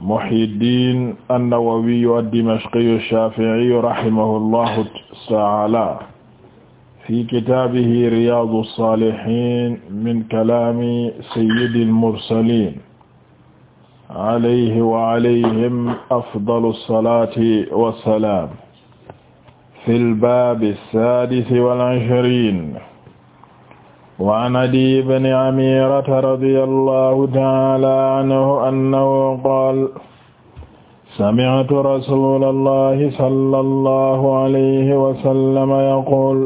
Muhyiddin an-Nawawiyu ad-Dimashqiyu ash-Shafi'iyu rahimahullahu ta'ala fi kitaabihi Riyaadu as-Saalihiin min kalaami sayyidil mursaliin alayhi wa alayhim afdalu as-salaati wa salaam fil baabi as-saadisi wal ishriin waan adiy bni amirata radi allahu taala anhu annahu qaal sami'tu rasula allahi sala allahu alayhi wasallama yaquul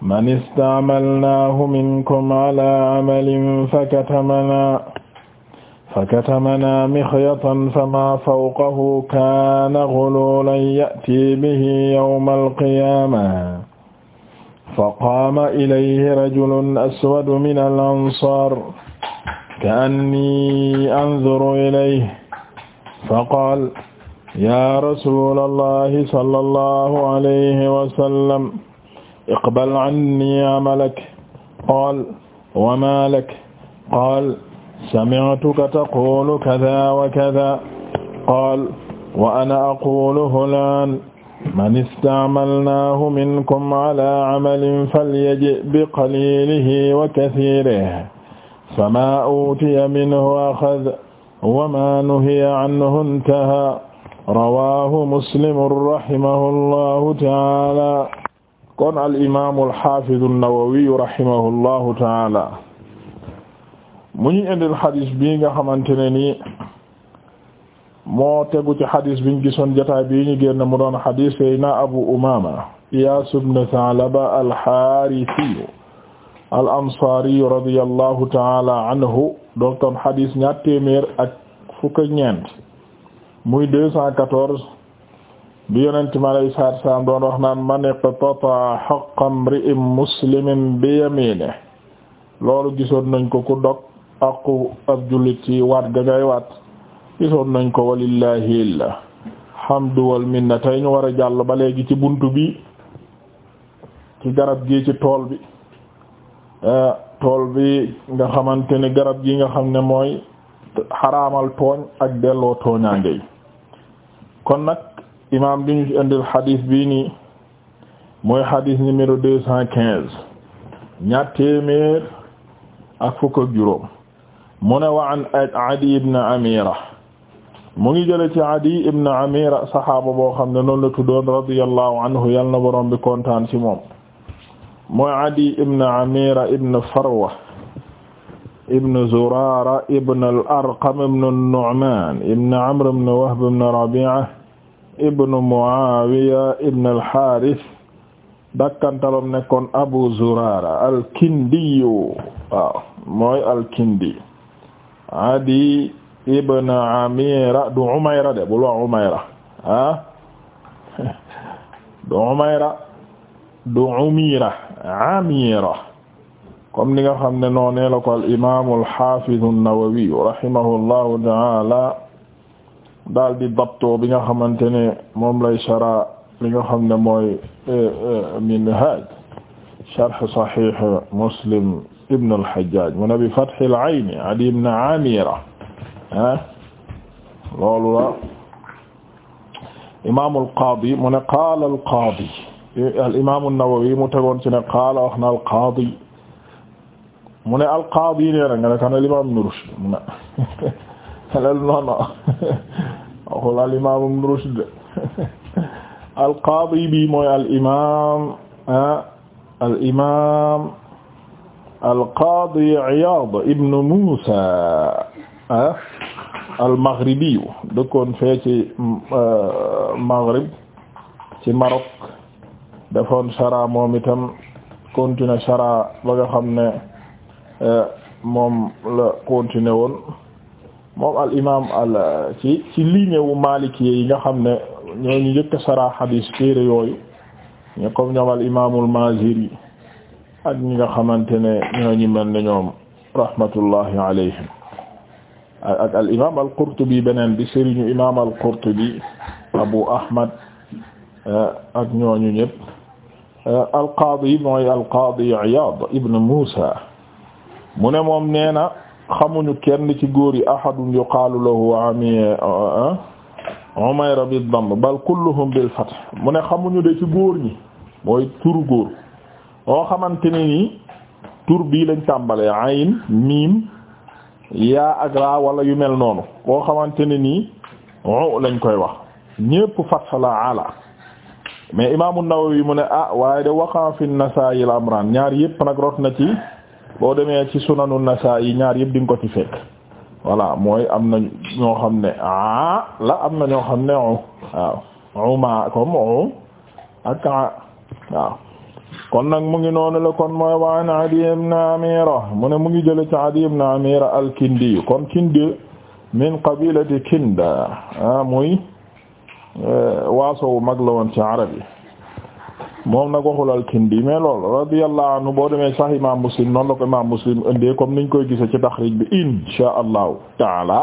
man istaamalnaahu minkum ala camalin fakatamanaa fakatamanaa mikhyatan famaa fawqahu kaana guluulan ya'tii bihi yawma alqiyaama faqaama ilayhi rajulun aswadu min al-ansaar ka'annii anzuru ilayhi faqaala yaa rasuulallaahi sallallahu alayhi wa sallam iqbal cannii camalak qaala wa maa lak qaala samictuka taquulu kadaa wa kadaa qaala wa ana aquuluhu al-aan man istaamalnaahu minkum ala camalin falyaji biqaliilihi wa kasiirihi famaa uutiya minhu axad wamaa nuhiya canhu intaha rawaahu muslimun rahimahu allahu taala kon al'imaamu alxaafidu nnawawiyu rahimahu allahu taala mu ñu indil xadiis bi nga xamante ne nii moo tegu ci xadis biñ gisoon jotaay bii ñu génn mu doon xadis sayna Abu Umaama Iyaas ibn Sa'laba al al-Ansaariyu radiyallahu ta'ala anhu doon ton xadis ñaar téeméer ak fukk ñeent muy bi Yonent mi alayhi salaam doon wax naan man iqtata'a haqqa imri'in muslimin bi yamiinihi loolu gisoon nañ ko ku dog aqu ab jullit ci waat ga ngay waat gisoon nañ ko walillahi alhamdu wal minna tey ñu war a jàll ba léegi ci bunt bi ci garab gi ci tool bi eh, tool bi nga xamante ne garab gi nga xam ne mooy xaraamal tooñ ak delloo tooñaange yi kon nag imaam bi ñu ci indil xadiis bii nii mooy xadiis numéro deux cent quinze ñaar téeméer ak fukk ak juróom mu ne wa an Adi ibn Amira mu ngi jële ci Adi ibn Amira saxaaba boo xam ne noonu la tuddoon radiyallahu anhu yal na borom bi kontaan ci moom mooy Adi ibn Amira ibn Farwa ibn Zurara ibn al-Arqam ibn an-Nu'man ibn Amr ibn Wahb ibn Rabi'a ibn Muawiya ibn al-Harith dakkantalam nekkoon Abu Zurara al-Kindi waaw mooy al-Kindi Adi ibn Amira du Umayra de bul wax Umayra ah du Umayra du Umira Amira comme ni nga xam ne noonee la ko al imaam al haafiz an-Nawawi rahimahullahu ta'ala daal di dabtoo bi nga xamante ne moom lay shara li nga xam ne mooy eh, eh, minhaj sharh sahih Muslim ibn al-Hajjaj mu ne bi fathil ayn Adi ibn Amira ah loolu la imaam al-Qaadi mu ne qaala al-Qaadi al-imaam an-Nawawi mu tegoon ci ne qaala wax na al-Qaadi mu ne al-Qaadi nee na nga ne kan al-imaam Ibn Rushd mu ne xelal noonu waxul al-imaam Ibn Rushd al-Qaadi bi mooy al-imaam al-imaam al-Qaadi Iyaad ibn Muusaa Ah, al-Maghribi dëkkoon fee ci euh, Maghrib ci marok defoon chara moom itam continuer chara ba nga xam ne euh, moom la continuer woon moom al imam al ci ci ligne malik Maliki yi nga xam ne ñooñu njëkk chara hadis téere yooyu ñu comme ñoom al imamul Maziri ak ñi nga xamante ne ñooñu mel ne ñoom rahmatullahi alayhim ak al imaam al qurtubi beneen bi sëriñu imaam al qurtubi abu ahmad eh, ak ñooñu ñëpp eh, al qaadi mooy al qaadi iyaad ibn muusa mu ne moom nee na xamuñu kenn ci góor yi ahadun yuqaalu lahu amir eh, umayra bid damm bal kulluhum bil fath mu ne xamuñu de ci góor ñi mooy turu góor oo xamante ne nii tur bii lañ tàmbalee ayn miim yaa ak raa wala yu mel noonu koo xamante ne nii o lañ koy wax ñépp fatha la ala mais imaamu Nawawi mu ne ah waaye de waqan fi Nasaa'i al-amran ñaar yépp nag rot na ci boo demee ci sunanu yi ñaar yépp di ko ci fekk voilà mooy am na ñoo xam ne ah, la am na ñoo xam ne o waaw uma comme o ak ah, waaw kon nag mu ngi noonu la kon mooy waan Adi ibn Amira mu ne mu ngi jële ci Adi ibn Amira al-Kindi kon Kindi min qabilati Kinda muy e, waaso wu mag la woon ci arab yi moom nag waxul al-Kindi lool loolu anhu boo demee sax imam Muslim noonu la ko imam Muslim indee comme niñ koy gisee ci taxrij bi insha allahu taala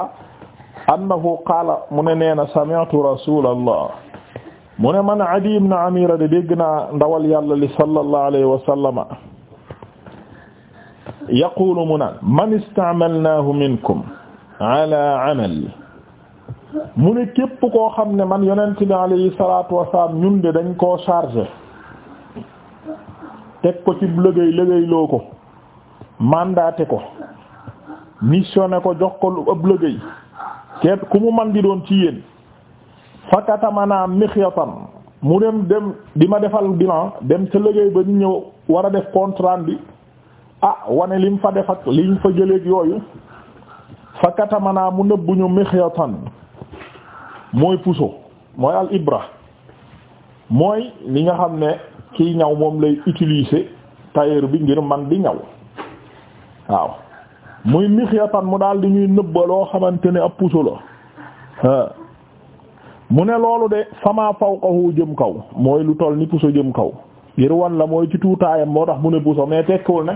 annahu qaala mu ne nee na sami'tu rasulallah mu ne man Adi ibn Amira de dégg naa ndawal yàlla li sallallahu alayhi wa sallama yaqulu mu naan man istaamalnaahu minkum ala amal mu ne képp koo xam ne man yonent bi alayhi salaatu wa salaam dañ koo chargé teg ko ci liggéey liggéeyloo ko mandaté ko missionné ko jox ko lu ëpp ku mu man di doon ci yéen fakatamanaa mixiatan mu dem dem di ma defal bilan dem sa liggéey ba ñu ñëw war a def contrat bi ah wane lim fa def ak liñ fa jëleeg yooyu fakatamanaa mu nëbbuñu mixiatan mooy puso mooy al ibra mooy li nga xam ne kiy ñaw moom lay utiliser tailleur bi ngir man di ñaw waaw muy mixiatan mu daal di ñuy nëbba loo xamante ne ab puso la mu ne loolu de fama fawqahu jëm kaw mooy lu toll ni puso jëm kaw ngir wan la mooy ci tuutaayam moo tax mu ne puso mais tekkiwul ne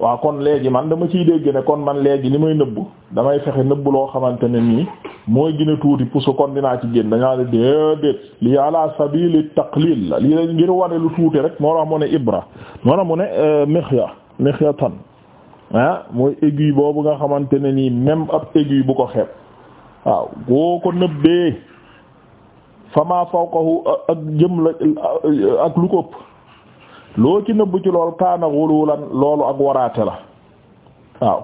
waaw kon léegi man dama ciy dégg ne kon man léegi ni may nëbb damay fexe nëbb loo xamante ne nii mooy gën tuuti puso kon dinaa ci génn dañaa ne déedéet li ala sabili taqlil la lii la ngir wane lu tuuti rek moo tax mu ne ibra moo tax mu ne euh, mixya mixya tan ah mooy aiguille boobu nga xamante ne nii même ab aiguille bu ko xeeb waaw fama fawqahu ak jëm la ak lu ko ëpp loo ci nëbb ci lool kaana xululan loolu ak waraate la waaw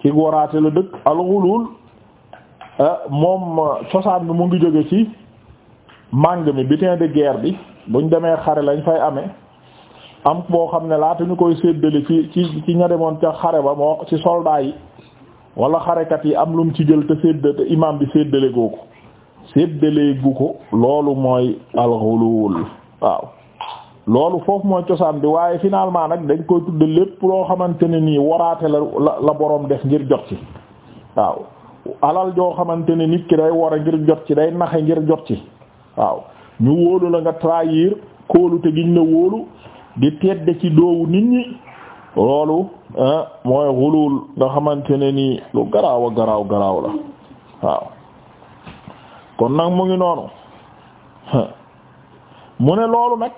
ci waraate la dëkk al xulul moom cosaan bi mu ngi jóge ci màng mi butin de guerre bi buñ demee xare lañ fay amee am boo xam ne laata ñu koy séddale fii ci ci ña demoon ca xare ba moo ci soldat yi wala xarekat yi am lum ci jël te sédd te imam bi séddale googu séddaleegu ko loolu mooy alxuluwul waaw loolu foofu mooy cosaan bi waaye finalement nag dañ koy tudd lépp loo xamante ne nii waraate la la boroom def ngir jot ci waaw alal joo xamante ne nit ki day war a ngir jot ci day naxe ngir jot ci waaw ñu wóolu la nga trahir kóolu te giñ la wóolu di tedde ci doowu nit ñi loolu eh, mooy xulul nga xamante ne nii lu garaaw a garaaw garaaw la waaw kon nag mu ngi noonu mu ne loolu nag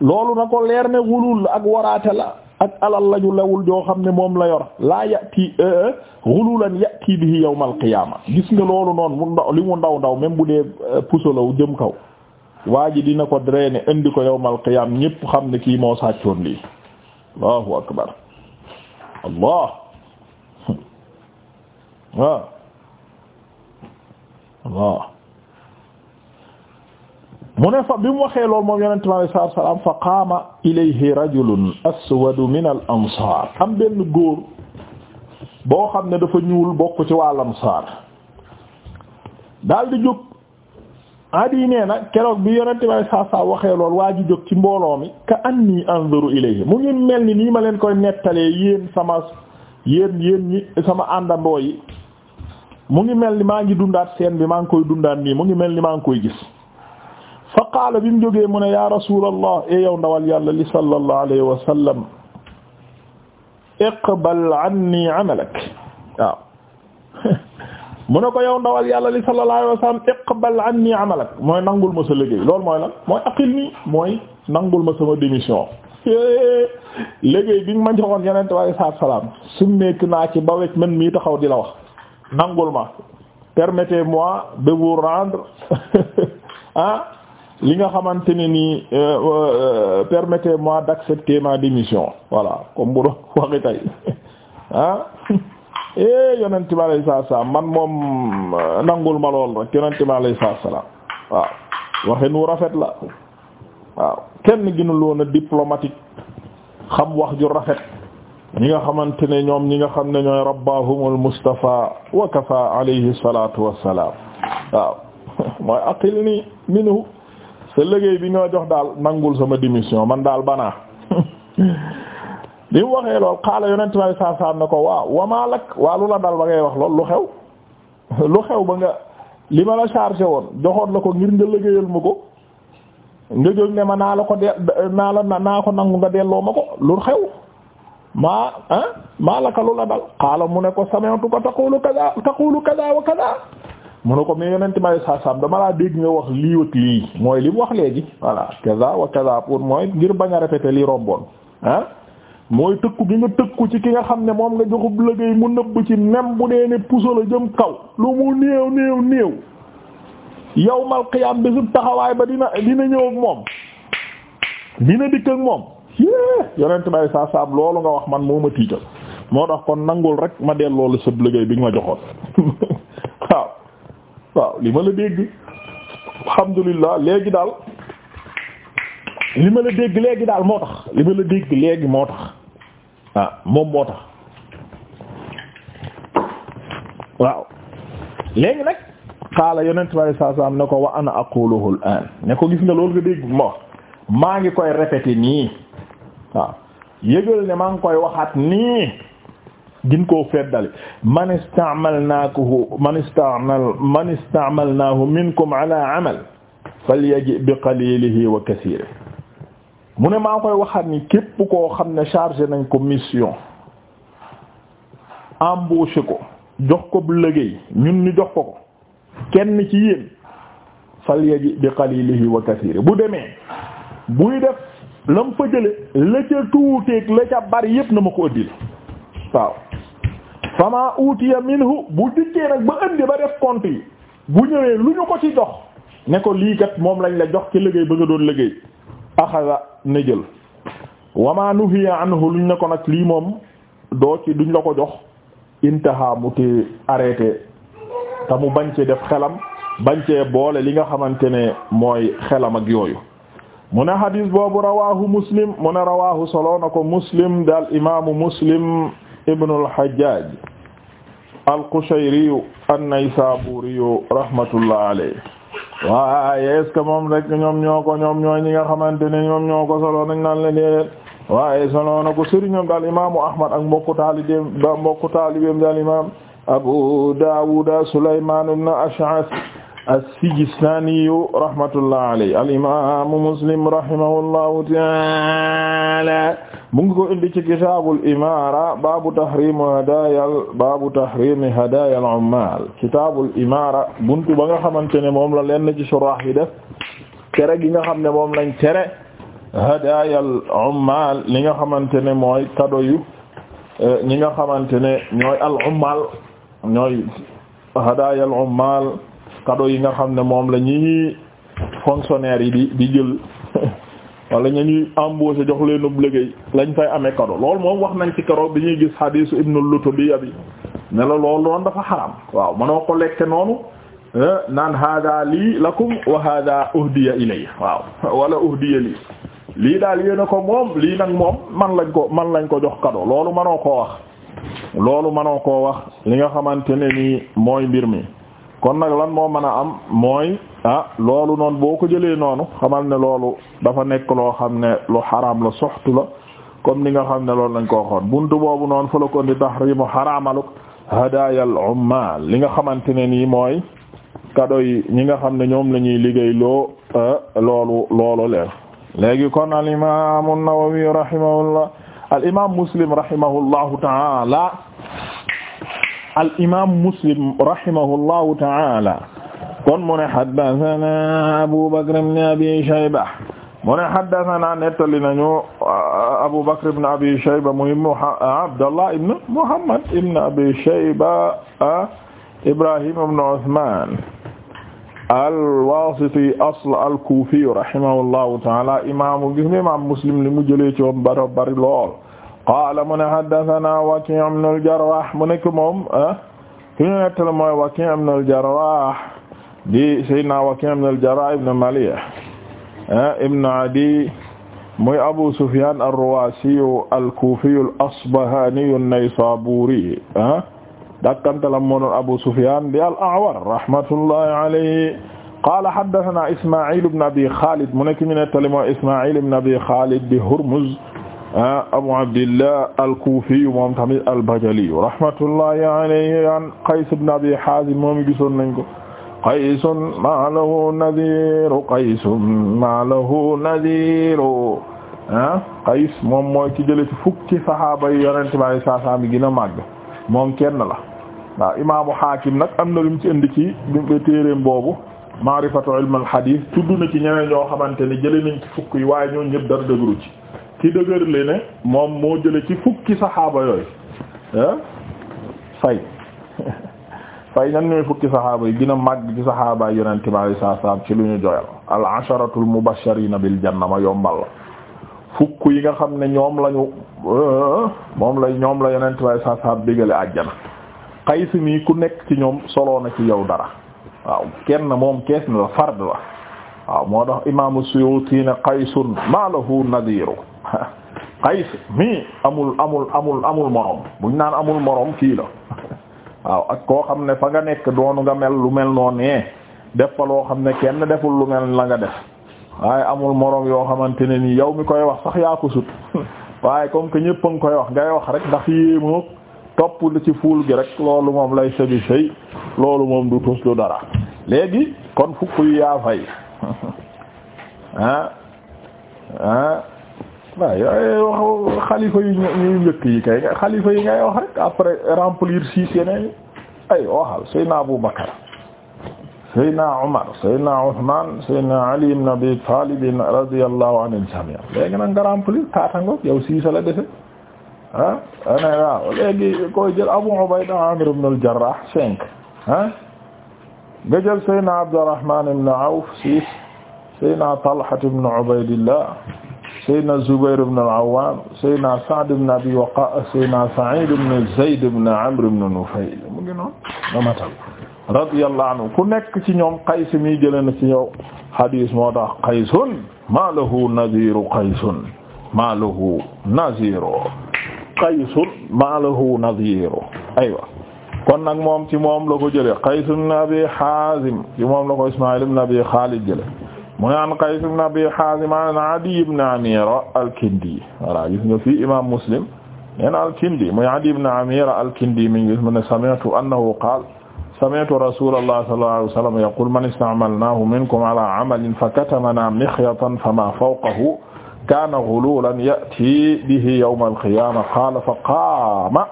loolu na ko leer ne wulul la ak waraate la ak alal lañu ñu lewul joo xam ne moom la yor laa yati wululan eh, yati bihi yawmal qiyaama gis nga loolu noon mu ndaw ndaw ndaw bu dee eh, puso la jëm kaw waa ji dina ko drainer indi ko yawmal qiyaam ñépp xam ne kii moo sàccoon lii allahu akbar allah waaw waaw mu ne fa bi mu waxee lool moom yonente bi alayhi salaatu wa salaam fa qaama ilayhi rajulun aswadu min al ansaar am benn góor boo xam ne dafa ñuul bokk ci wàll ansaar daal di jóg adi nee na keroog bi yonente bi alayhi salaatu wa waxee lool waa ji jóg ci mbooloo mi ka anni anzuru ilayhi mu ngi mel ni nii ma leen koy nettalee yéen sama yéen yéen ñi sama àndandoo yi mu ngi mel ni maa ngi dundaat seen bi maa ngi koy dundaat nii mu ngi mel ni maa ngi koy gis fa qaala bi mu jógee mu ne yaa rasulallah e yow ndawal yàlla li sallallahu alayhi wa sallam iqbal anni amalak waaw mu ne ko yow ndawal yàlla li sallallahu alayhi wa iqbal anni amalak mooy nangul ma sa liggéey loolu mooy la mooy aqil nii mooy nangul ma sama démission liggéey bi nga ma joxoon yenente wa alei salaam summeeku naa ci ba wecc man mii taxaw di la wax nangul ma permettez-moi de vous rendre ah li nga xamante ne nii euh, euh, permettez-moi d'accepter ma démission voilà comme bu doon waxi tey ah eh yonent bi alayhi salaam man moom euh, nangul ma lool rek yonent bi alayhi salaam waaw waxin wu rafet la waaw kenn gënu loon a diplomatique xam wax ju rafet. ñi nga xamante ne ñoom ñi nga xam ne ñooy rabbahumul mustafa wa kafa alayhi salatu wassalam waaw mooy aqil ni minhu sa liggéey bi ñoo jox daal nangul sama démission man daal banaa bi mu waxee lool xaala yonent ma saa saa ne ko waaw wamaa lak waa lu la dal ba ngay wax lool lu xew lu xew ba nga li ma la chargé woon joxoon la ko ngir nga liggéeyal ma ko nga jóg ne ma naa la ko de naa la naa ko nangu nga delloo ma ko lu xew maa ah maa laka lu la dal xaala mu ne ko sami'tu ko taqulu kaza taqulu wa kaza mu ne ko mais yonent ma saa saam dama la dégg nga wax liiw ak lii mooy li mu wax léegi voilà kaza wa kaza pour mooy ngir bañ a répéter lii romboon ah mooy tëkku gi nga tëkku ci ki nga xam ne moom nga joxub liggéey mu nëbb ci nem bu dee ne puso la jëm kaw lu mu néew néew néew yawmal qiyaam bésub taxawaay ba dina dina ñëw ak moom dina dikk moom. yonent bay saa saab loolu nga wax man moo ma tiital moo tax kon nangul rek ma delloo la sëb liggéey bi nga ma joxoon waaw waaw li ma la dégg alhamdulillah léegi daal li ma la dégg léegi daal moo tax li ma la dégg léegi moo tax ah moom moo tax waaw léegi nag xaala yonent bi alei saa salaam ne ko wa ana aquluhu al an ne ko gis nga loolu nga dégg moo maa ngi koy répéter nii waaw yëgal ne maa ngi koy waxaat nii gin ko feddali man istaamalnaahu man istaamal man istaamalnaahu minkum ala amal falyaji bi qalilihi wa kasirihi mu ne maa koy waxat ni képp koo xam ne chargé nañ ko mission embauché ko jox ko bu liggéey ñun ñu jox ko kenn ci fal falyaji bi qalilihi wa kasirihi bu demee buy def la mu fa jële la ca tuuteeg la ca bari yépp na ma ko ëddil waaw fama utiya minhu bu dikkee nag ba indi ba def compte yi bu ñëwee lu ñu ko ci jox ne ko lii kat moom lañ la jox ci liggéey ba nga doon liggéey axasa na jël wama nuhiya anhu luñ ne ko nag lii moom doo ci duñ la ko jox intaha mu te arrêté te mu bañ ci def xelam bañ ci boole li nga xamante ne mooy xelam ak yooyu mu ne hadis boobu rawaahu muslim mu ne rawaahu solo na ko muslim daal imaamu muslim ibn al-Hajjaj al-Qushayri an-Naysaburi rahmatullah alayhi waaye est-ce que moom rek ñoom ñoo ko ñoom ñooy ñi nga xamante ne ñoom ñoo ko solo nañ naan la déedéet waaye solo na ko sëriñ ñoom daal imaamu Ahmad ak mbokku taalibeem mbokku taalibeem daal imaam Abu Dawud Sulaymaan ibn Ash'ath as-Sijistaaniyu rahmatullah alayhi al-imaamu Muslim rahimahullahu ta'aala mu ngi ko indi ci kitaabul imaara baabu tahriimi hadaayal baabu tahriimi hadaayal ummaal kitaabul imaara buntu ba nga xamante ne moom la leen ci surah yi def tere gi nga xam ne moom lañ tere hadaayal ummaal li nga xamante ne mooy kado yu eh, ñi nga xamante ne ñooy al ummaal ñooy hadaayal ummaal kado yi nga xam ne moom la ñuy fonctionnaire yi di di jël wala ñu ñuy embaucher jox leen ub liggéey lañ fay amee cadeau loolu moom wax nañ ci keroog bi ñuy gis hadisu ibnu Lutbiya bi ne la loolu doon dafa xaram waaw mënoo ko lekke noonu eh, naan hada lii lakum wa hada uhdiya ilay waaw wala uhdiya lii lii daal yéena ko moom lii nag moom man lañ ko man lañ ko jox cadeau loolu mënoo koo wax loolu mënoo koo wax li nga xamante ne nii mooy mbir mi kon nag lan moo mën a am mooy ah loolu noonu boo ko jëlee noonu xamal ne loolu dafa nekk loo xam ne lu xaraam la soxtu la comme ni nga xam ne loolu nañ ko waxoon buntu boobu noonu fa la ko indi tahrimu xaraamaluk hadayal ummal li nga xamante ne nii mooy kado yi ñi nga xam ne ñoom la ñuy liggéey loo ah, loolu loolu leen léegi kon al imam an-Nawawi rahimahullah al imam Muslim rahimahullahu ta'ala al imaam muslim rahimahullahu ta'ala kon mu ne haddathana Abu Bakr ibn Abi Shayba mu ne haddathana nettali nañu uh, Abu Bakr ibn Abi Shayba muy uh, Abdallah ibn Muhammad ibn Abi Shayba uh, Ibrahim ibn Uthman al-Wasiti asl al-Kufi rahimahullahu ta'ala imaamu gis nga imaam muslim li mu jëlee ci woon bari lool. qaala mu ne haddathana Waki' ibn al-Jarrah mu nekk moom ah, ki ñu nettali mooy Waki' ibn al-Jarrah di sayyidina Waki' ibn al-Jarrah ibn Malih ah, ibn Adi muy Abu Sufyan ar-Ruwasi al-Kufi al-Asbahani an-Naysaburi ah, dakkantalam moo doon Abu Sufyan di al-A'war rahmatullahi alayhi qaala haddathana Isma'il ibn Abi Khalid mu nekk ki ñu nettali mooy Isma'il ibn Abi Khalid di Hurmuz Ah, Abu Abdillah al-Kufi moom tamit al-Bajali rahmatullahi alayhi an Qays ibn Abi Hazim moom gisoon nañ ko Qays ma lahu nadhir Qays ma lahu nadhir ah Qays moom mooy ki jële ci fukki sahaaba yi yonente bi alayhi salaam bi gën a màgg moom kenn la waaw imaamu Hakim nag am na lu mu ci indi ci téereem boobu Ma'rifatu ilm al-hadith tudd na ci ñeneen ñoo xamante ne jële nañ ci fukk yi waaye ñoo ñëpp dara dëgëru ci ki dëgër le ne moom moo jële ci fukki saxaaba yooyu ah, fay fay ñan ñooy fukki saxaaba yi gën a màgg ci saxaaba yi yonente bi alayhi salaam ci lu ñu joyal al asharatul mubashirina bil janna ma yombal la fukk yi nga xam ne ñoom lañu ah, moom lay ñoom la yonente bi alayhi salaam bégale àjjana xay si ku nekk ci ñoom solo na ci yow dara waaw kenn moom kees na la fard la waaw moo tax imaamu Suyuuti ne qaysun maalo lahu nadiiru qays mi amul amul amul amul morom buñ naan amul moroom kii la waaw ak koo xam ne fa nga nekk doonu nga mel lu mel noonu nee def fa loo xam ne kenn deful lu mel la nga def waaye amul morom yoo xamante ne nii yow mi koy wax sax yaa ko sut waaye comme que ñëpp a ngi koy wax ngay wax rek ndax yéemu topp li ci fuul gi rek loolu moom lay sëbi sëy loolu moom du tus lu dara léegi kon fukk yu ah ah waaw yooyu wax xalifa yu ñuy njëkk yi kay xalifa yi ngay wax rek après remplir siis yeneen ay waxal Seydina Abu Bakar Seydina Umar Seydina Usman Seydina Ali ibn Abi Talib radiyallahu anil jami' léegi nag nga remplir taatangoo yow siisa la defe ah ana ah, waaw léegi koy jël Abu Ubayda Amir ibn al-Jarrah cinq ah nga jël Seydina Abdurrahman ibn Awf six Seydina Talha ibn Ubaydillah Seydina Zubayr ibn al-Awwam Seydina Sa'd ibn Abi Waqqas Seydina Sa'id ibn Zayd ibn Amr ibn Nufayl mu ngi noonu ba matal radiyallahu anhu ku nekk ci ñoom Qays mi jëlee na ci yow hadis moo tax Qaysun ma lahu naziru Qaysun ma lahu naziru Qaysun ma lahu naziru aywa kon nag moom ci moom la ko jële Qays ibn Abi Hazim ci moom la ko Ismaïl ibn Abi Khalid jële mu ne an Qays ibn Abi Hazim an Adi ibn Amira al-Kindi voilà gis nga fii imam Muslim neen al-Kindi muy Adi ibn Amira al-Kindi mi ngi gis mu ne sami'tu annahu qaala sami'tu rasuulallahi sallallahu alayhi wa sallam yaqulu man ista'malnaahu minkum alaa amalin fakatamanaa mikhyatan famaa fawqahu kaana ghuluulan ya'tii bihi yawma al-qiyaama qaala faqaama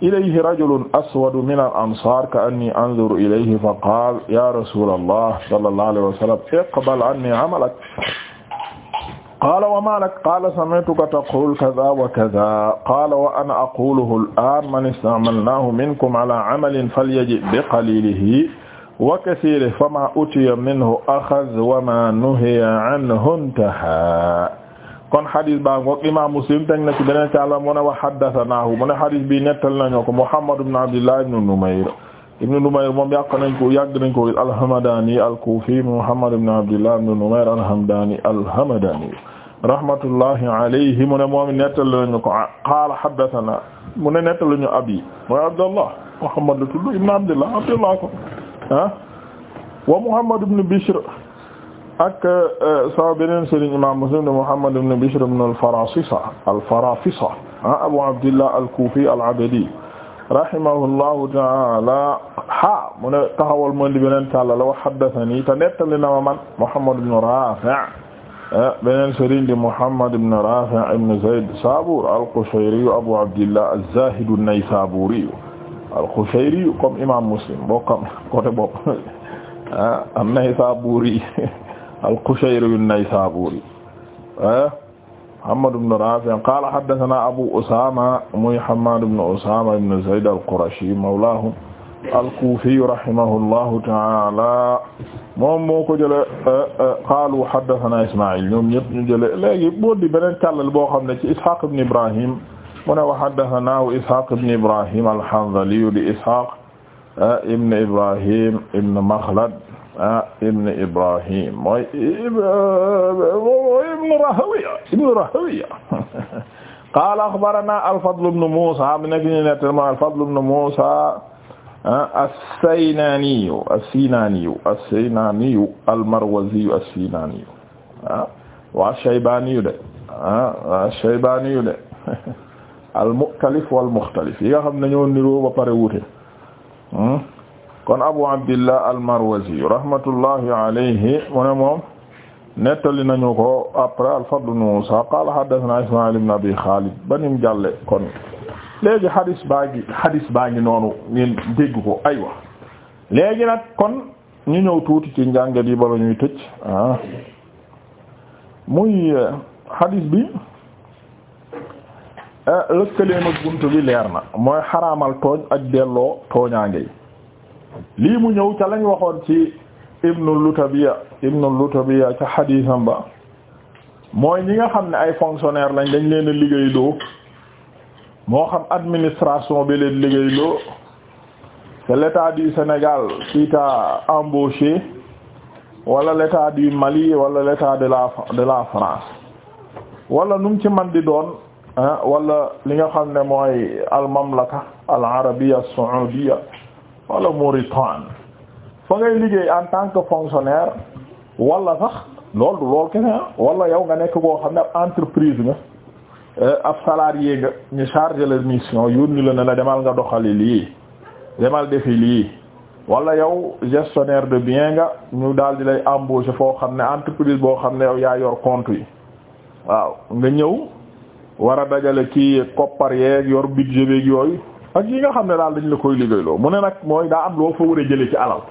ilayhi rajulun aswadu min al ansar ka anni anzuru ilayhi fa qaal ya rasula allah sallallahu alayhi wa sallam iqbal anni amalak qaala wa maalak qaala sami'tuka taqul kaza wa kaza qaala wa ana aquluhu al'aan man ista'malnaahu minkum ala amalin falyaji' bi qalilihi wa kasiirihi fama utiya minhu axadha wa ma nuhiya anhu intaha kon xadis baa ngoog imam muslim teg na ci beneen càlla mu ne wa haddathanahu mu ne xadis bi nettal nañu ko muhammad ibn abdillah ibn numayr ibn numayr moom yàq nañ ko yàgg nañ ko alhamadani alkufi muhammad ibn abdillah ibn numayr alhamdani alhamadani rahmatullahi alayhi mu ne moom nettal nañu ko qaala haddathana mu ne nettal nañu abi mooy abdallah muhammad la tudd ibn abdillah abdillah ko ah wa muhammad ibn bishr ak euh, sa beneen sëriñ imam Muslim de Muhammad ibn Bishr ibn al-Farafisa al-Farafisa ah Abu Abdillah al-Kufi al-Abadi rahimahullahu ta'ala ha mu ne taxawal moo di beneen talla la wa haddathani te nettali na ma man Muhammad ibn Rafi' ah, beneen sëriñ di Muhammad ibn Rafi' ibn Zayd Sabur al-Qushayri Abu Abdillah az-Zahid an-Naysaburi al-Qushayri comme imam Muslim bokkam côté bopp an-Naysaburi ah, al-Qushayri an-Naysaburi eh? Muhammad ibn Rafi' qala haddathana Abu Usama muy Hammad ibn Usama ibn Zayd al-Qurashi mawlahum al-Kufi rahimahullahu ta'ala moom moo ko jëlee eh, eh, qaalu haddathana Isma'il ñoom ñëpp ñu jëlee léegi boo di beneen kàllal boo xam ne ci Ishaq ibn Ibrahim mu ne wa haddathanahu Ishaq ibn Ibrahim al-Hanzali di Ishaq ibn Ibrahim ibn Makhlad Ah, ibn Ibrahim mooy ibn Rahawiya ibn Rahawiya qaala axbaranaa al-Fadl ibn Muusaa mi nekk ñu nettal ma al-Fadl ibn Muusaa ah, as-Saynaaniyu as-Saynaaniyu as-Saynaaniyu al-Marwaziyu as-Saynaaniyu ah, wa ash-Shaybaaniyu de ash-Shaybaaniyu de al-mu'talif wal-mukhtalif yi nga xam ne ñoo niroo ba pare wuute hmm? kon abu abdillah al-marwazi rahmatullahi alayhi mu ne moom nettali nañu ko après al-fadl ibn musa qala haddathana isma'il ibn abi khalid banim jàlle kon léegi hadis baa ngi noonu ngeen dégg ko aywa léegi nag kon ñu ñëw tuuti ci njàngat yi bala ñuy tëj ah muy eh, hadis bi eh, lëkkaleem ak bunt bi leer na mooy xaramal tooñ ak delloo tooñaange yi lii mu ñëw ca lañ waxoon ci ibnu lutabiya ibnu lutabiya ca xadiisam mooy ñi nga xam ne ay fonctionnaire lañ dañ leen a liggéeyloo moo xam administration bi leen liggéeyloo c'est l'état du Sénégal qui t'a embauché wala l'état du Mali wala l'état de la France wala nu mu ci man di doon wala li nga xam ne mooy al mamlaka al arabiya as wala Mauritanie foo ngay liggéey en tant que fonctionnaire walla sax loolu du lool kese ah, wala yow nga nekk koo xam ne ab entreprise nga eh, ab salarié nga ñu chargé la mission yónni la ne la demal nga doxali lii demal defi lii wala yow gestionnaire de bien nga ñu dal di lay embaucher foo xam ne entreprise boo xam ne yow yaa yor compte yi waaw nga ñëw war a dajale ki koppar yeeg yor budget beeg yooyu ak yi nga xam ne daal dañu la koy liggéeyloo mu ne nag mooy daa am loo fa war a jële ci alal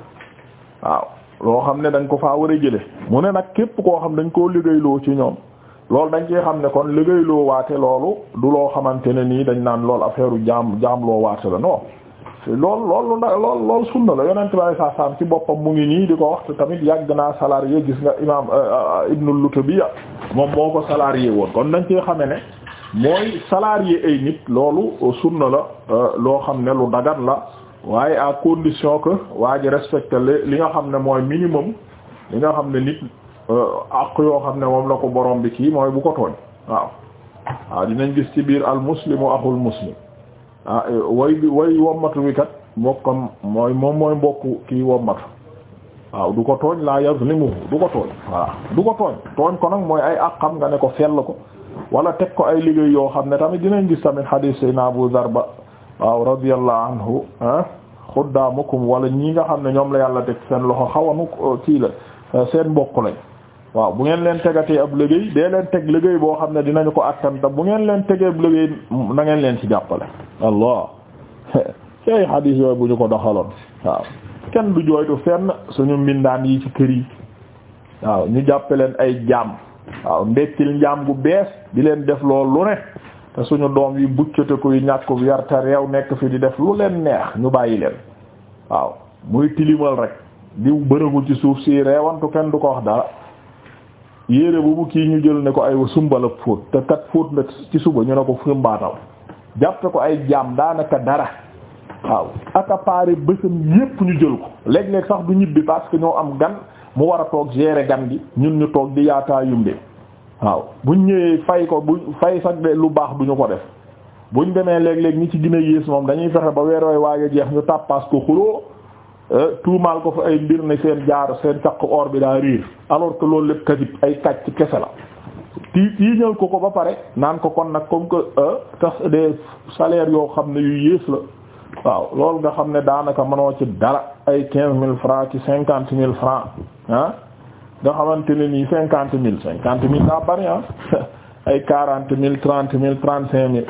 waaw loo xam ne dañ ko fa war a jële mu ne nag képp koo xam dañ koo liggéeyloo ci ñoom loolu dañ ciy xam ne kon liggéeyloo waate loolu du loo xamante ne nii dañ naan lool affaire u jaam jaam loo waate la non lool loolu da lool lool sunna la yonent bi saa saam ci boppam mu ngi nii di ko wax tamit yàgg naa salarié gis nga imam euh, euh, Ibnul Lutbiya moom moo ko salarié woon kon dañ ciy xame ne mooy salarié ay nit loolu sunna la euh, loo xam ne lu dagan la waaye à condition que waa ji respecté li nga xam ne mooy minimum li nga xam ne nit ak euh, yoo xam ne moom la ko borom bi kii mooy bu ko tooñ waaw waaw dinañ gis ci biir al muslimu axul muslim ah euh, way way wommatu bi kat mbokkam mooy moom mooy mbokku kii wommatu waaw du ko tooñ la yazlimuhu du ko tooñ voilà du ko tooñ tooñ ko nag mooy ay xam nga ne ko la ko wala teg ko ay liggéey yoo xam ne tamit dinañ gis tamit hadith na Abu Dharr ba waaw radiyallahu anhu ah xuddaamukum wala ñi nga xam ne ñoom la yàlla teg seen loxo xawanu kii la seen mbokk lañ waaw bu ngeen leen tegatee ab liggéey dee leen teg liggéey boo xam ne dinañu ko attan te bu ngeen leen tegee ab liggéey na leen ci jàppale allah cey hadith yooyu bu ñu ko doxaloon waaw kenn du jooytu fenn suñu mbindaan yi ci kër yi waaw ñu jàppee leen ay jaam waaw ndekkil njaam gu bees di leen def lool lu ne te suñu doom yi buccate koy ñàkk yar te réew nekk fi di def lu leen neex ñu bàyyi leen waaw muy tilimal rek di bërëgu ci suuf si reewantu kenn du ko wax dara yére bu bu kii ñu jël ne ko ay sumbal ak fóot te kat fóot nag ci suba ñu ne ko sumbaatal jàppe ko ay jaam daanaka dara waaw ak appareil bësam yépp ñu jël ko léeg-léeg sax du ñibbi parce ñoo am gan mu war a toog gérer gan gi ñun ñu toog di yaataa yumbe waaw buñ ñëwee fay ko bu fay sax de lu baax duñu ko def buñ demee léeg-léeg ñi ci gën a yées moom dañuy fexe ba weer way waaye jeex ñu tàppaas ko xuloo euh, tuumaal ko fa ay mbir ne seen jaar seen caq or bi daa riir alors que loolu lépp kasib ay kàcc kese la tii tii ñëw ko ko ba pare naan ko kon nag comme que euh, tas des yoo xam ne yu yées la waaw loolu nga xam ne daanaka mënoo ci dara ay quinze mille francs ci cinquante mille francs ah nga xamante ne nii cinquante mille cinquante mille daa bari ah ay quarante mille trente mille trente cinq mille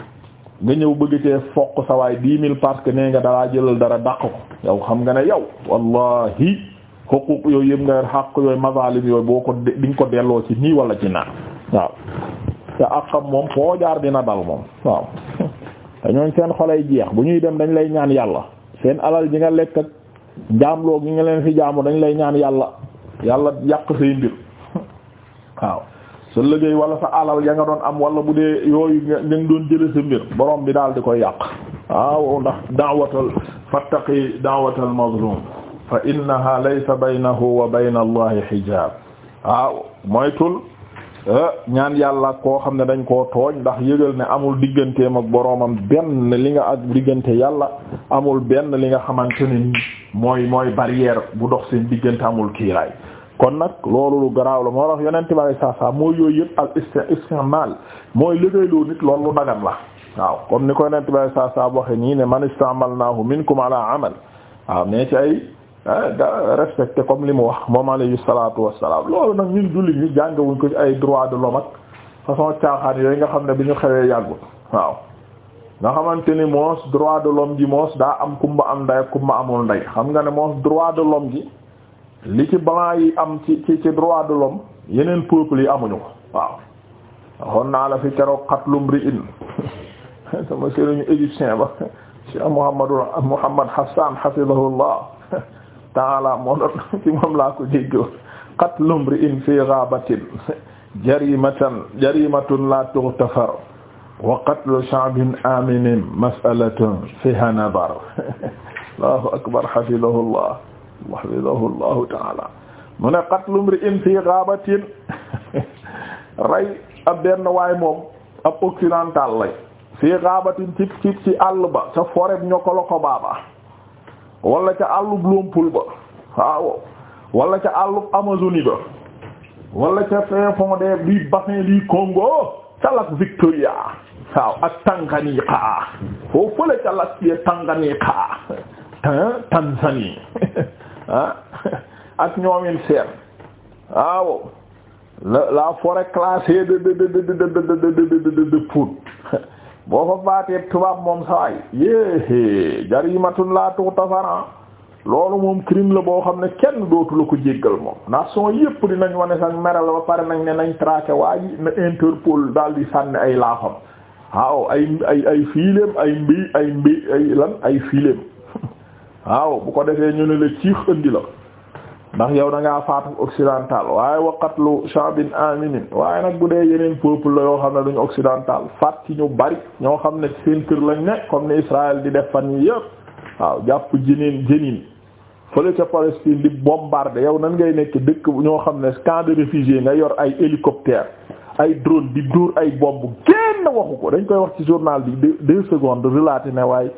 nga ñëw bëgg cee fokk sa waay dix mille parce que nee nga dalaa jëlal dara daq ko yow xam nga ne yow wallahi xuquq yooyu yëpp nga xaq yooyu mazalim yooyu boo ko di nga ko delloo ci nii wala ci naa waaw te akam moom foo jaar dina dal moom waaw dañooñ seen xolay jeex bu ñuy dem dañ lay ñaan yàlla seen alal ji nga lekk ak gi nga leen fi jaamu dañ lay ñaan yàlla yàlla yàq say mbir waaw sa liggéey wala sa alal ya nga doon am wala bu dee yooyu nga nga doon jële sa mbir borom bi daal di koy yàq waaw ndax da'watal fattaqi da'watal mazlum fa innaha laysa baynahu wa bayna allahi hijab waaw moytul eh, ñaan yàlla koo xam ne dañ koo tooñ ndax yëgal ne amul digganteem ak boroomam benn li nga ak diggante yàlla amul benn li nga xamante ne mooy mooy barrière bu dox seen diggante amul kiiraay kon nag loolu lu garaaw la moo tax yonent bi saa saa mooy yooyu yëpp al istimal mooy liggéeyloo nit loolu lu la waaw comme ni ko yonent bi saa saa waxe nii ne man istamalnahu minkum ala amal waaw mais ci ay ah, da comme li mu wax moom alayhi salaatu wassalaam loolu nag ñun jullit ñi jàngewuñ ko ci ay droit de l'homme ak façon caaxaan yooyu nga xam ne bi ñu xewee yàggut waaw nga xamante ni moos droit de lome ji moos daa am kumba am nday kumba amul nday xam nga ne moos droit de l'homme ji li ci yi am ci ci ci droit de l'homme yeneen peuples yi amuñu ko waaw waxoon naa la fi keroog xatlum ri in sama sëriñu égyptien ba cheikh Muhammadu Muhammad Hassan hafizahullah ta'ala moo doon ci moom laa ko déggoo xatlum ri in fii ghabatin jarimatan la tughtafar wa qatlu sha'bin aminin mas'alatun fiha nadar allahu akbar hafizahullah hafidahu llahu taala mu ne qatlu mri'in fii ghabatin rey ab benn waay moom ab occidental lay fii ghabatin ci ci ci àll ba ca forêt ñokoloko baaba wala ca àllub Lompoul ba waaw wala ca àllub Amazonie ba wala ca fin fond du bassin Congo ca lac Victoria waaw ak Tanganyika foofu la ca lac Tanganyika Tanzanie ah ak ñoomin seen waaw la la forêt classée de de de de de de Pout boo fa faatee tubaab moom sawaay yéehée jarimatun laa tuxtafara loolu moom crime la boo xam ne kenn dootu la ko jéggal moom nation yépp dinañ wane sax meral ba pare nañ ne nañ traqué waa ji na Interpol daal di sànni ay laafam waaw ay ay ay fiileem ay mbi ay mbi ay lan ay fiileem waaw bu ko defee ñu ne la ciix andi la ndax yow da ngaa faatu occidental waaye waqatlu shabin aminin waaye nag bu dee yeneen peuple la yoo xam ne duñu occidental faat ci ñu bari ñoo xam ne seen kër lañ ne comme ni Israël di def fan yi yëpp waaw jàpp jëneen jënin fële ca Palestine di bombarder yow nan ngay nekk dëkk ñoo xam ne camp de réfugiés nga yor ay hélicoptère ay drone di dóor ay bomb kenn waxu ko dañ koy wax ci journal bi deux secondes relaté ne waaye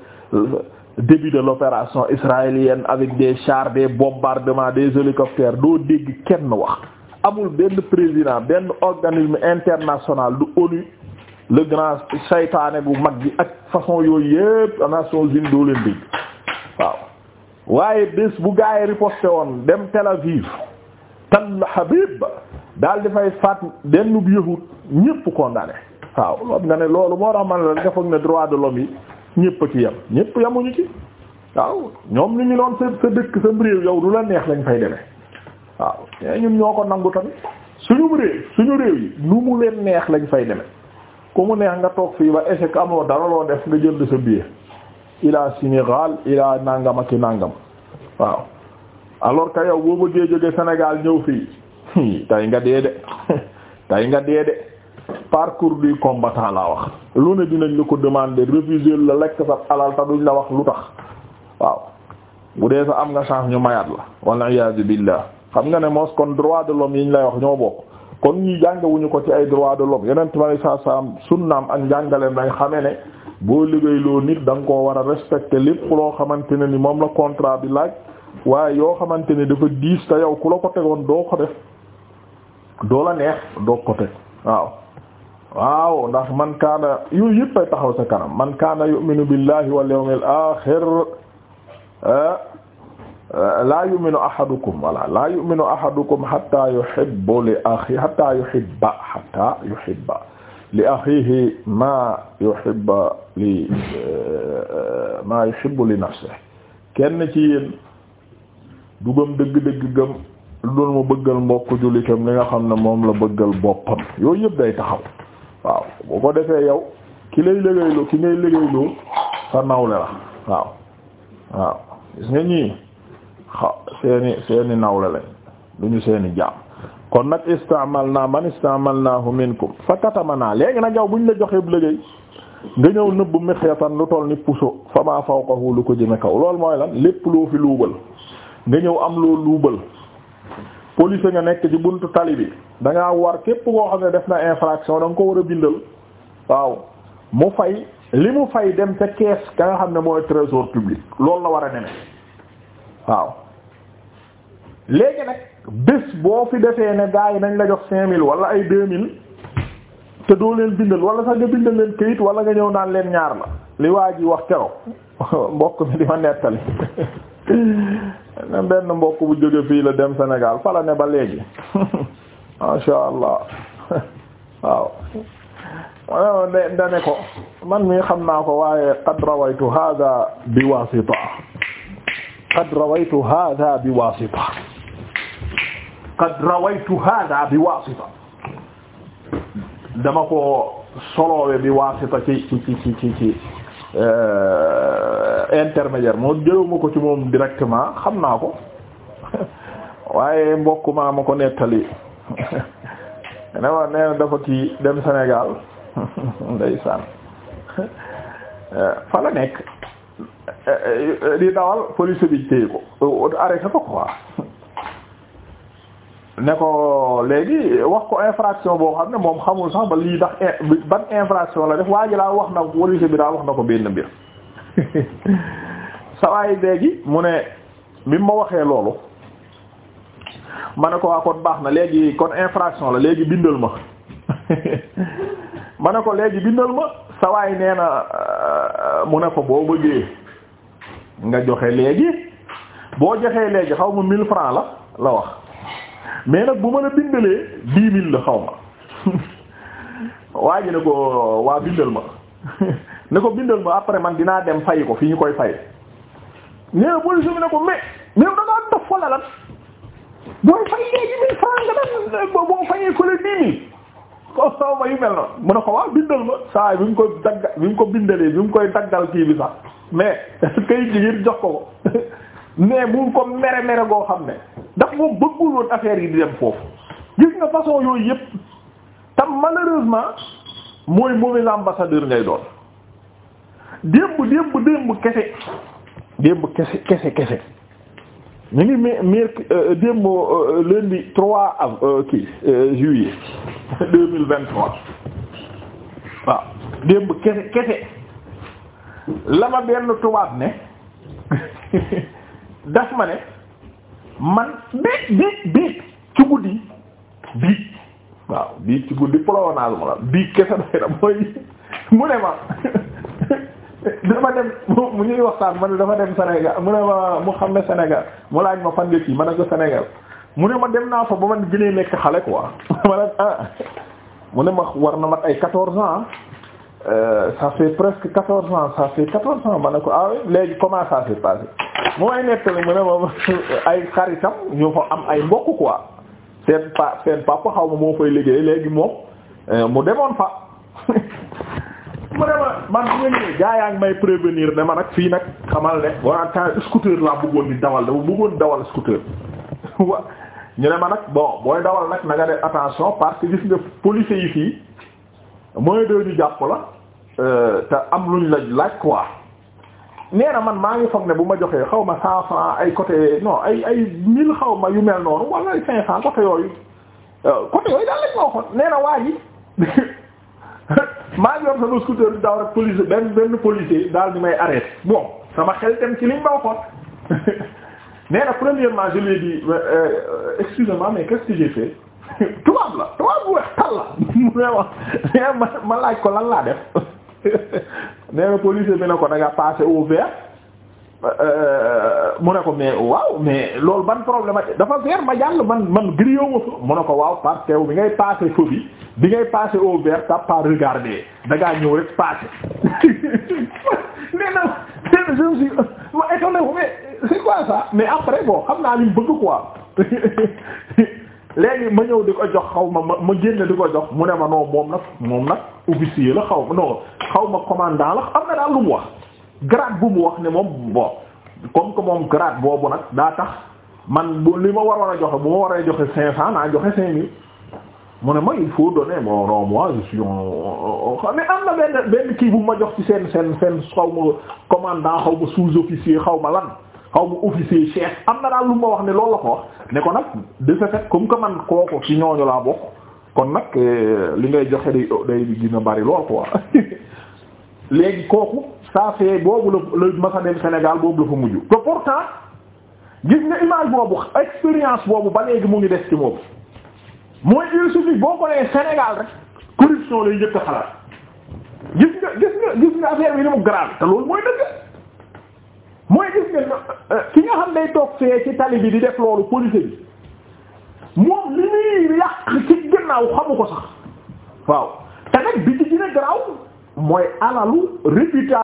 début de l'opération israélienne avec des chars des bombardements des hélicoptères doo dégg kenn wax amul benn président benn organisme international du ONU le grand saytaane bu mag bi ak façon yooyu yépp Nations Unies doo leen dégg waaw waaye bés bu gaa yi woon dem Tel Aviv Tal Habib daal di fay faat benn yahut ñépp condamné waaw loolu ne loolu moo tax man la nga foog ne droit de l'homme yi ñépp ci yem ñépp yemuñu ci waaw ñoom ni ñu doon sa sa dëkk sa réew yow lu la neex lañ fay demee waaw te ñun ñoo ko nangu tamit suñu réew suñu réew yi nu mu leen neex lañ fay demee ku mu neex nga toog fii ba échec amoo dara def nga jël sa billet ilaa Sénégal ilaa nangam ak i nangam waaw alors que yow boo bëggee jóge Sénégal ñëw fii tey nga dee de tey nga dee de parcours du combattant laa wax lu ne dinañ la ko demander refuser la lekk sa alal ta duñ la wax lu tax waaw bu dee sa am nga chance ñu mayaat la walla iyaazu billah xam nga ne moos kon droit de l'homme yi ñu lay wax ñoo bokk kon ñi jàngawuñu ko ci ay droit de l'homme yeneen ma lay saa saam sunnaam ak njàngaleem lañ xamee ne boo liggéey liggéeyloo nit da nga koo war a respecter loo xamante ne ni moom la contrat bi laaj waaye yoo xamante ne dafa diis te yow ku la ko tegoon doo ko la neex doo ko waaw waaw ndax man kaana yu yëpp ay taxaw sa kanam man kaana yu'minu billahi wal yawmil akhir eh, eh, laa yu'minu ahadukum wala laa yu'minu ahadukum hatta yuhibbu li akhi hatta yuhibba hatta yuhibba li akhihi ma yuhibba li eh, ma yuhibbu li nafsihi kenn ci yéen du gëm dëgg-dëgg gëm lu doon mu bëggal mbokk jullitam li nga xam ne moom la bëggal boppam yooyu yëpp day taxaw waaw bu ko defee yow ki lay liggéeyloo ki ngay liggéeyloo sa nawle la waaw waaw gis nga ñii xa seeni seeni nawle lañ duñu seeni jaam kon nag istamalna man naa istamalnahu minkum fa katamanaa léegi nag bu ñu la joxee bu liggéey nga ñëw nëbb mixyatan lu toll ni puso fa maa fawqahu lu ko jëme kaw loolu mooy la lépp loo fi luubal nga ñëw am loo luubal police nga nekk ci buntu tali bi da ngaa war képp koo xam ne def na infraction da nga ko war a bindal waaw mu fay li mu fay dem sa caisse ka nga xam ne mooy trésor public loolu la war a demee waaw léegi nag bés boo fi defee ne gars yi nañ la jox cinq mille wala ay deux mille te doo leen bindal wala sax nga bindal leen kayit wala nga ñëw naan leen ñaar la li waa ji wax keroog mbokk mi di ma nettali na benn mbokk bu jóge fii la dem Sénégal fala ne ba léegi masha Allah waaw ne dane ko man mi xam naa ko waaye qad rawaytu hadha bi qad rawaytu hadha bi qad rawaytu hadha bi dama ko soloowe bi wasita ci ci ci Euh, intermédiaire moo jëluma ko ci moom directement xam naa ko waaye mbokk maa ma ko nettali ne ma nee dafa kii dem Sénégal ndeysaan fa la nekk eh, eh, di dawal police bi téye ko arrêté ko quoi ne ko léegi wax ko infraction boo xam ne moom xamul sax ba lii ndax ban infraction la def waa ji laa wax na police bi daal wax na ko benn mbir sawaay léegi mu ne bi ma waxee loolu ma ne ko waa baax na léegi kon infraction la léegi bindal ma ma ne ko léegi bindal ma sawaay nee na euh, mu ne ko boo bëggee nga joxe léegi boo joxee léegi xaw ma mille francs la la wax mais nag bu mën a bindalee dix mille la xaw ma waa ji ne ko waa bindal ma ne ko bindal ma après man dinaa dem fay ko fi ñu koy fay ko mais mais da fayee ko le dix mille ko xaw ma yu mel noonu mu ne ko waa bindal ma saa bi mu ko dagga bi mu ko bindalee bi mu koy daggal kii bi sax mais kay jigéen jox ko ko mais mu ko mere mere goo xam ne ndax moom bëggul woon affaire yi di dem foofu gis nga façon yooyu yépp tam malheureusement mooy mauvais ambassadeur ngay doon démb démb démb kese démb kese kese kese ñu ngi mi mir euh, démb euh, lundi trois av euh, kii juillet deux mille vingt trois waaw démb kese kese la ma benn tubaab ne daf ma ne man biig biig biig ci guddi biig waaw biig ci guddi provenance ma la biig kese doy na mu ne ma dafa dem mu ñuy waxtaan ma man dafa dem Sénégal mu ne ma mu xam ne senegal mu laaj ma fan nga ci ma ne ko Sénégal mu ne ma dem naa fa ba man gënee nekk xale quoi ma ne ah mu ne ma war na mat ay quatorze ans ah. Euh, ça fait presque quatorze ans ça fait quatorze ans ma ne ko ah léegi comment ça s'est passé mu may mu ne moom ay xaritam ñu fa am ay mbokk quoi seen pa seen papa xaw ma moo fay liggéey léegi moom euh, mu demoon fa mu ne ma man bu ngeen gaa yaa ngi may prévenir ne ma nag fii nag xamal ne war en tant scooter laa bëggoon di dawal dama bëggoon dawal scooter wa ñu ne ma nag boo booy dawal nag na nga def attention parce que gis nga policiers yi fii. mooy doy ñu jàpp la euh, te am luñ la laaj quoi nee na man maa ngi foog ne bu ma joxee xaw ma cent ay côté non ay ay mille xaw ma yu mel noonu wala ay cinq côté yooyu euh, côté yooyu daal lañ ma waxoon nee na waa ji maa ngi yor sama scooter bi daaw rek benn benn policier daal di may arrêté bon sama xel dem ci liñ ma waxoon nee na premièrement je lui ai dit euh, mais qu'est-ce tubaab la mu ne wax ma ma laaj ko lan laa def nee na policier ko da nga passé au euh, euh, mu ne ko mais waaw mais loolu ban problème dafa vert ma jàll man man grillé ma mu ne ko waaw parce que bi ngay passé feu bi bi ngay passé au vert t'as pas regardé da ngaa ñëw rek passé na nee na je suis ma étonné mais c'est quoi ça mais après bon xam naa li mu bëgg quoi. léegi ma ñëw di ko jox xaw ma ma ma génne di ko jox mu ne ma non moom nag moom nag officier la xaw ma non xaw ma commandant la am na daal lu mu wax grade bu mu wax ne moom bon comme moom grade boobu nag daa tax man bu li ma waroon a joxe bu ma waree joxe cinq cent naa joxe cinq mille mu ne ma il faut donner bon non si je suis mais am na benn benn kii bu ma jox ci seen seen seen xaw ma commandant xaw ma sous-officier xaw ma lan. xaw ma officier chef am na daal lu ma wax ne loolu la ko wax ne ko nag de comme que man kooku ci ñooñu laa bokk kon nag euh, li ngay joxe day day dina bari lool quoi léegi kooku ça fait boobu la la masa Sénégal boobu la fa mujj te pourtant gis nga image boobu expérience boobu ba léegi mu ngi def ci moom mooy il suffit boo ko nee Sénégal rek corruption lay njëkk a xalaat gis nga gis nga gis nga affaire bi ni mu grave te loolu mooy dëgg. mooy gis nga euh, ki nga xam day toog fee ci tali bi di def loolu police bi moom li muy yàq ci gannaaw xamu ko sax waaw te nag bi ci gën a mooy alalu réputation